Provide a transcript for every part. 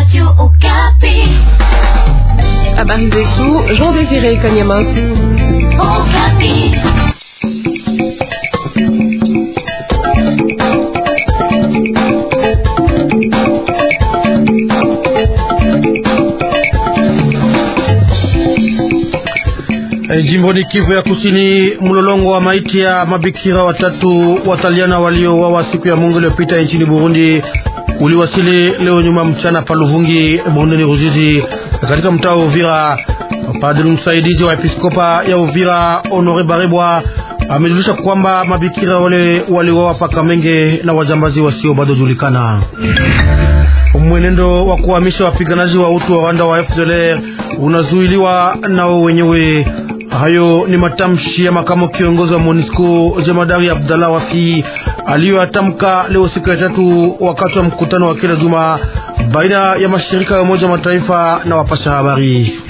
Radio Okapi. Habari zetu, Jean Désiré Kanyama. Okapi. Eh, Jimboni Kivu ya Kusini, mlolongo wa maiti ya mabikira watatu wataliana waliouawa siku ya Mungu iliyopita nchini Burundi uliwasili leo nyuma mchana paluvungi bondeni Ruzizi katika mtaa wa Uvira. Padri msaidizi wa episkopa ya Uvira Honore Baribwa amejulisha kwamba mabikira wale waliwawa Pakamenge na wajambazi wasio bado julikana. Mwenendo wa kuhamisha wapiganaji wa utu wa Rwanda wa FDLR unazuiliwa nao wenyewe. Hayo ni matamshi ya makamu kiongozi wa MONUSCO jemadari Abdallah Wafi aliyoyatamka leo siku ya tatu wakati wa mkutano wa kila juma baina ya mashirika ya Umoja Mataifa na wapasha habari.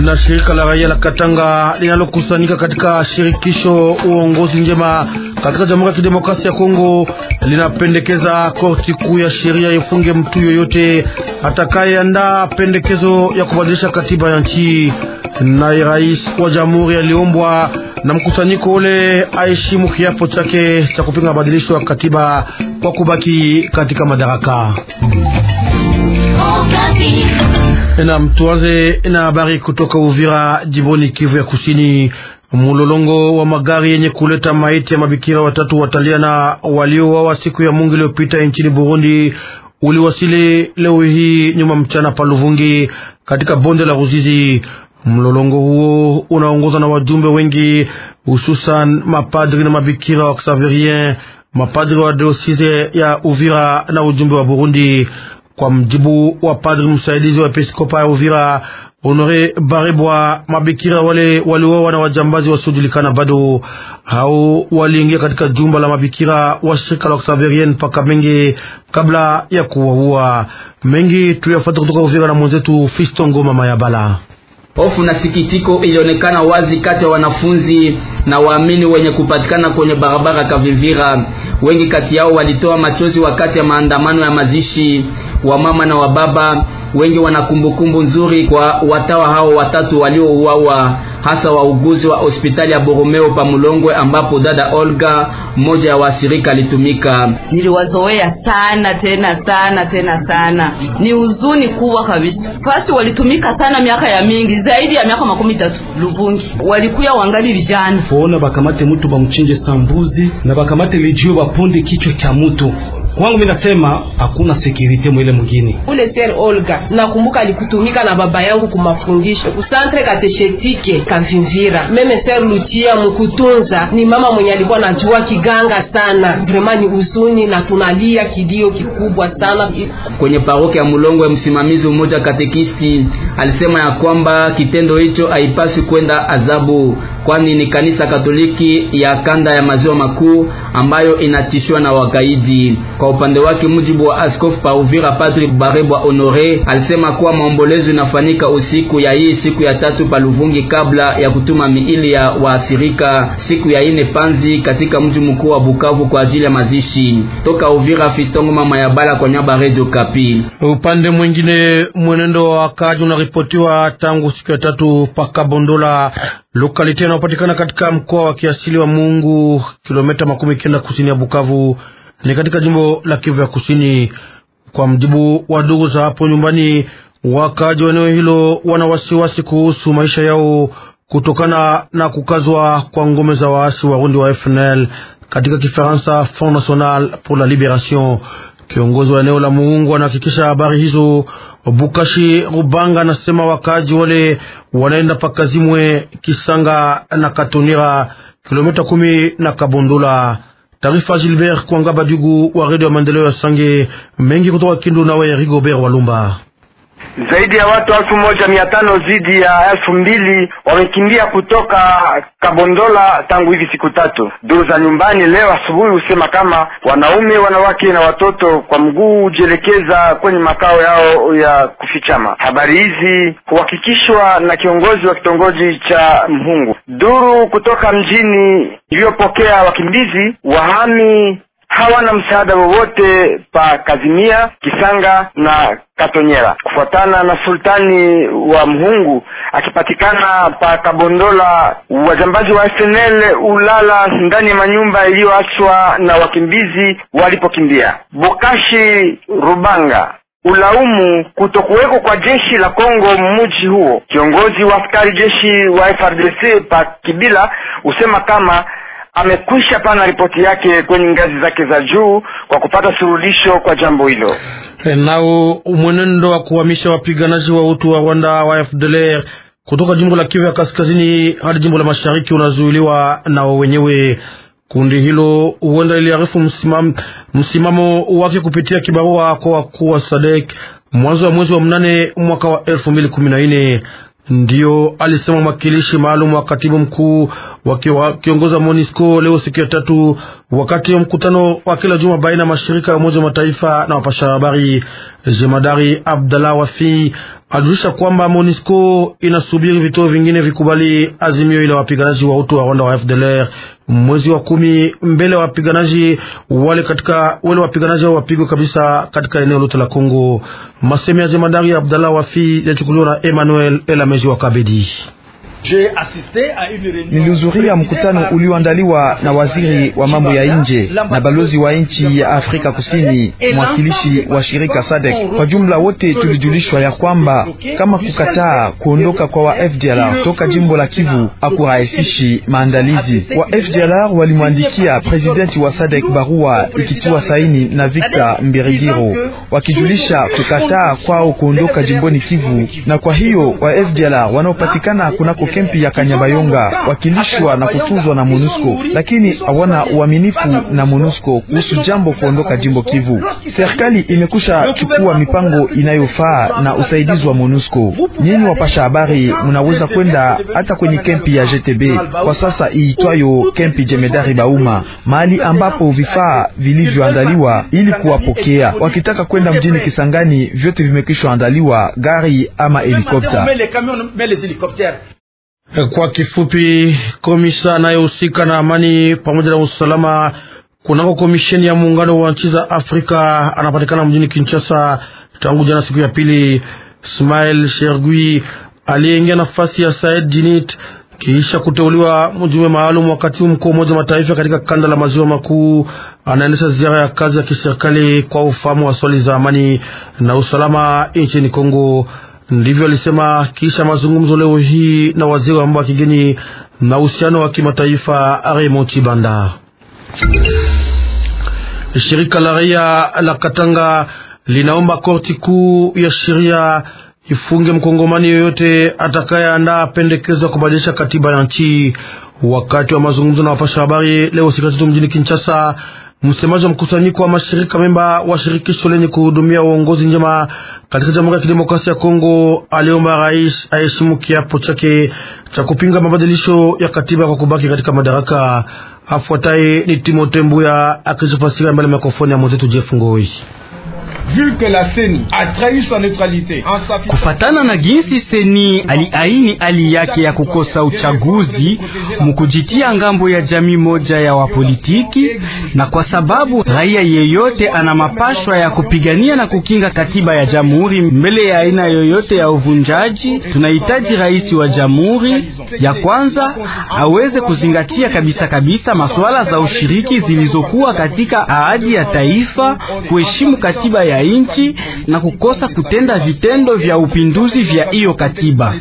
Na shirika la raia la Katanga linalokusanyika katika shirikisho uongozi njema katika Jamhuri ya Kidemokrasia ya Kongo linapendekeza korti kuu ya sheria ifunge mtu yoyote atakayeandaa pendekezo ya kubadilisha katiba ya nchi. Naye rais wa jamhuri aliombwa na mkusanyiko ule aheshimu kiapo chake cha kupinga mabadilisho ya katiba kwa kubaki katika madaraka. Na mtuanze na habari kutoka Uvira, jimboni Kivu ya Kusini. Mulolongo wa magari yenye kuleta maiti ya mabikira watatu wataliana waliowawa siku ya Mungu iliyopita nchini Burundi uliwasili leo hii nyuma mchana pa Luvungi katika bonde la Ruzizi. Mlolongo huo unaongozwa na wajumbe wengi, hususan mapadri na mabikira wa Xavierien, mapadri wa diosise ya Uvira na ujumbe wa Burundi. Kwa mjibu wa padri msaidizi wa episkopa ya Uvira Honore Baribwa, mabikira wale walioa na wajambazi wasiojulikana bado hao waliingia katika jumba la mabikira wa shirika la Xavierien paka mengi kabla ya kuwaua. Mengi tuyafuata kutoka Uvira na mwenzetu Fiston Ngoma Mayabala. Hofu na sikitiko ilionekana wazi kati ya wanafunzi na waamini wenye kupatikana kwenye barabara Kavivira. Wengi kati yao walitoa machozi wakati ya maandamano ya mazishi. wa mama na wababa wengi wana kumbukumbu nzuri kwa watawa hao watatu waliouawa hasa wauguzi wa hospitali ya Boromeo pa Mulongwe, ambapo dada Olga mmoja wa wasirika alitumika. Niliwazoea sana tena sana tena sana, ni huzuni kubwa kabisa. Fasi walitumika sana miaka ya mingi, zaidi ya miaka makumi tatu. Lubungi walikuya wangali vijana, kuona bakamate mtu bamchinje sambuzi na bakamate lijio baponde kichwa cha mtu Kwangu mimi nasema hakuna security mwile mwingine. Ule Sir Olga nakumbuka alikutumika na baba yangu kumafundisho kusantre kateshetike kavimvira. Meme Sir Lucia mkutunza ni mama mwenye alikuwa anajua kiganga sana. Vraiment ni uzuni na tunalia kilio kikubwa sana. Kwenye paroke ya mulongo ya msimamizi mmoja katekisti alisema ya kwamba kitendo hicho haipaswi kwenda adhabu kwani ni kanisa Katoliki ya kanda ya maziwa makuu ambayo inatishwa na wakaidi. Kwa upande wake, mujibu wa askofu pa Uvira Padri Barebwa Honore alisema kuwa maombolezo inafanyika usiku ya hii siku ya tatu pa Luvungi kabla ya kutuma miili ya waathirika siku ya ine Panzi katika mji mkuu wa Bukavu kwa ajili ya mazishi. Toka Uvira, Fistongo mama ya Bala kwa nyaba Radio Kapi. Upande mwingine, mwenendo wa wakaaji unaripotiwa tangu siku ya tatu pa Kabondola Lokaliti inayopatikana katika mkoa wa kiasili wa Mungu, kilomita makumi kenda kusini ya Bukavu, ni katika jimbo la Kivu ya Kusini. Kwa mjibu wa ndugu za hapo nyumbani, wakaaji wa eneo hilo wana wasiwasi kuhusu maisha yao kutokana na kukazwa kwa ngome za waasi warundi wa FNL katika Kifaransa, Front National pour la Liberation. Kiongozi wa eneo la Muungu anahakikisha habari hizo Bukashi Rubanga anasema wakaji wale wanaenda Pakazimwe, Kisanga na Katonira, kilomita kumi na Kabundula. Taarifa Gilbert Kwanga Dugu wa redio ya maendeleo ya Sange mengi kutoka Kindu, nawe Rigobert Walumba zaidi ya watu elfu moja mia tano zidi ya elfu mbili wamekimbia kutoka Kabondola tangu hivi siku tatu. Duru za nyumbani leo asubuhi husema kama wanaume, wanawake na watoto kwa mguu hujielekeza kwenye makao yao ya kufichama. Habari hizi huhakikishwa na kiongozi wa kitongoji cha Mhungu. Duru kutoka mjini iliyopokea wakimbizi wahami hawana msaada wowote pa Kazimia, Kisanga na Katonyera. Kufuatana na sultani wa Mhungu akipatikana pa Kabondola, wajambazi wa SNL ulala ndani ya manyumba iliyoachwa na wakimbizi walipokimbia. Bokashi Rubanga ulaumu kutokuweko kwa jeshi la Kongo mji huo. Kiongozi wa askari jeshi wa FRDC pa Kibila usema kama amekwisha pana ripoti yake kwenye ngazi zake za juu kwa kupata suluhisho kwa jambo hilo. Eh, nao mwenendo wa kuhamisha wapiganaji wa utu wa Rwanda wa FDLR kutoka jimbo la Kivu ya kaskazini hadi jimbo la mashariki unazuiliwa nao wenyewe. Kundi hilo huenda liliarifu msimamo msimamo wake kupitia kibarua kwa wakuu wa Sadek mwanzo wa mwezi wa mnane mwaka wa elfu mbili kumi na nne. Ndiyo alisema mwakilishi maalum wa katibu mkuu wakiongoza monisco leo siku ya tatu, wakati wa mkutano wa kila juma baina ya mashirika ya Umoja wa Mataifa na wapasha habari. Jemadari Abdallah Wafi alijulisha kwamba MONUSCO inasubiri vituo vingine vikubali azimio ile wapiganaji wa utu wa Rwanda wa FDLR mwezi wa kumi mbele ya wapiganaji wale katika wale wapiganaji hao wapigwe kabisa katika eneo lote la Kongo. masemi ya jemadari Abdallah Wafi yachukuliwa na Emmanuel Elameji wa Kabedi. Nilihudhuria mkutano ulioandaliwa na waziri wa mambo ya nje na balozi wa nchi ya Afrika Kusini, mwakilishi wa shirika SADC. Kwa jumla wote tulijulishwa ya kwamba kama kukataa kuondoka kwa wa FDLR toka jimbo la Kivu akurahisishi maandalizi. Wa FDLR walimwandikia presidenti wa SADC barua ikitiwa saini na Victor Mbirigiro wakijulisha kukataa kwao kuondoka jimboni Kivu, na kwa hiyo wa FDLR wanaopatikana kunako kempi ya Kanyabayonga wakilishwa na kutuzwa na MONUSCO, lakini hawana uaminifu na MONUSCO kuhusu jambo kuondoka jimbo Kivu. Serikali imekusha chukua mipango inayofaa na usaidizi wa MONUSCO. Nyinyi wapasha habari, mnaweza kwenda hata kwenye kempi ya GTB kwa sasa iitwayo kempi Jemedari Bauma, mahali ambapo vifaa vilivyoandaliwa ili kuwapokea wakitaka kwenda mjini Kisangani. Vyote vimekishwa andaliwa, gari ama helikopta. Eh, kwa kifupi, komisa anayehusika na amani pamoja na usalama kunako komisheni ya muungano wa nchi za Afrika anapatikana mjini Kinshasa tangu jana siku ya pili. Smail Shergui aliyeingia nafasi ya Said Jinit kisha kuteuliwa mjumbe maalum wa katibu mkuu wa Umoja Mataifa katika kanda la maziwa makuu, anaendesha ziara ya kazi ya kiserikali kwa ufahamu wa swali za amani na usalama nchini Kongo. Ndivyo alisema kisha mazungumzo leo hii na waziri wa mambo ya kigeni na uhusiano wa kimataifa Raymond Chibanda. Shirika la raia la Katanga linaomba korti kuu ya sheria ifunge mkongomani yoyote atakayeandaa pendekezo ya kubadilisha katiba ya nchi. Wakati wa mazungumzo na wapasha habari leo siku ya tatu mjini Kinshasa, Msemaji wa mkusanyiko wa mashirika memba wa shirikisho lenye kuhudumia uongozi njema katika Jamhuri ya Kidemokrasia ya Kongo aliomba rais aheshimu kiapo chake cha kupinga mabadilisho ya katiba kwa kubaki katika madaraka. Afuataye ni Timote Mbuya akizofasiria mbele ya mikrofoni ya mwenzetu Jeff Ngoi. Kufatana na ginsi seni aliaini hali yake ya kukosa uchaguzi mukujitia ngambo ya jamii moja ya wapolitiki, na kwa sababu raia yeyote ana mapashwa ya kupigania na kukinga katiba ya jamhuri mbele ya aina yoyote ya uvunjaji, tunahitaji rais wa jamhuri ya kwanza aweze kuzingatia kabisa kabisa masuala za ushiriki zilizokuwa katika ahadi ya taifa, kuheshimu katiba ya ya nchi na kukosa kutenda vitendo vya upinduzi vya hiyo katiba.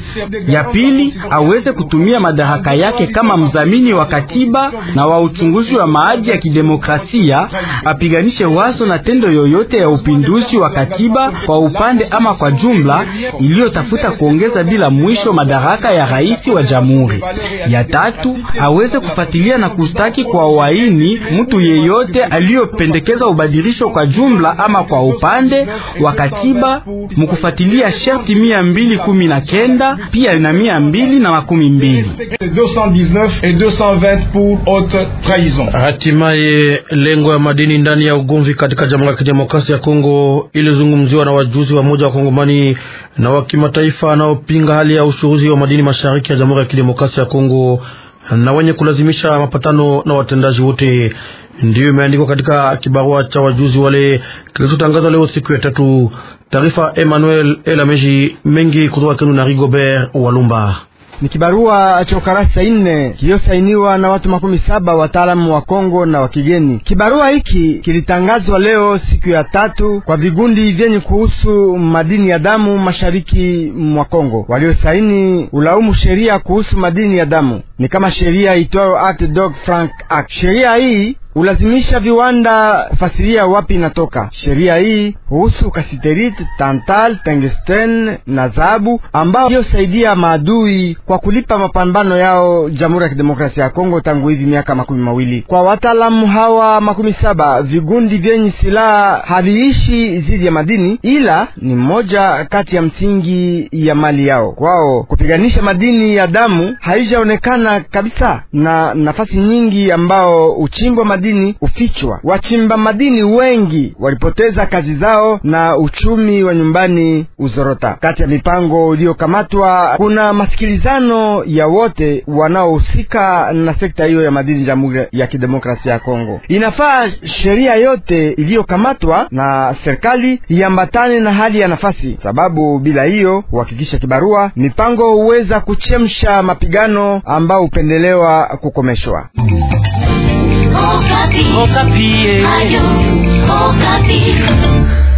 Ya pili, aweze kutumia madaraka yake kama mzamini wa katiba na wa uchunguzi wa maadili ya kidemokrasia, apiganishe wazo na tendo yoyote ya upinduzi wa katiba kwa upande ama kwa jumla iliyotafuta kuongeza bila mwisho madaraka ya rais wa jamhuri. Ya tatu, aweze kufuatilia na kustaki kwa waini mtu yeyote aliyopendekeza ubadilisho kwa jumla ama kwa upande upande wa katiba mkufuatilia sharti mia mbili kumi na kenda pia na mia mbili na makumi mbili. Hatimaye lengo ya madini ndani ya ugomvi katika Jamhuri ya Kidemokrasia ya Kongo ilizungumziwa na wajuzi wa moja wa Kongomani na wa kimataifa anaopinga hali ya ushuruzi wa madini mashariki ya Jamhuri ya Kidemokrasia ya Kongo na wenye kulazimisha mapatano na watendaji wote ndiyo imeandikwa katika kibarua cha wajuzi wale kilichotangazwa leo siku ya tatu. Taarifa Emmanuel Elameji mengi kutoka Kenu na Rigobert Walumba ni kibarua cha ukarasa ine kiliyosainiwa na watu makumi saba wataalamu wa Kongo na wa kigeni. Kibarua hiki kilitangazwa leo siku ya tatu kwa vigundi vyenye kuhusu madini ya damu mashariki mwa Kongo. Waliosaini ulaumu sheria kuhusu madini ya damu ni kama sheria itwayo Art Dog Frank Act. Sheria hii ulazimisha viwanda kufasiria wapi inatoka. Sheria hii huhusu kasiterite, tantal, tengesten na dhahabu ambao iliyosaidia maadui kwa kulipa mapambano yao Jamhuri ya Kidemokrasia ya Kongo tangu hivi miaka makumi mawili. Kwa wataalamu hawa makumi saba, vigundi vyenye silaha haviishi zidi ya madini, ila ni moja kati ya msingi ya mali yao. Kwao kupiganisha madini ya damu haijaonekana kabisa, na nafasi nyingi ambao uchimbwa madini ufichwa. Wachimba madini wengi walipoteza kazi zao na uchumi wa nyumbani uzorota. Kati ya mipango iliyokamatwa kuna masikilizano ya wote wanaohusika na sekta hiyo ya madini Jamhuri ya Kidemokrasia ya Kongo. Inafaa sheria yote iliyokamatwa na serikali iambatane na hali ya nafasi, sababu bila hiyo kuhakikisha kibarua mipango huweza kuchemsha mapigano ambao hupendelewa kukomeshwa. Okapi. Oh, Okapi. Oh,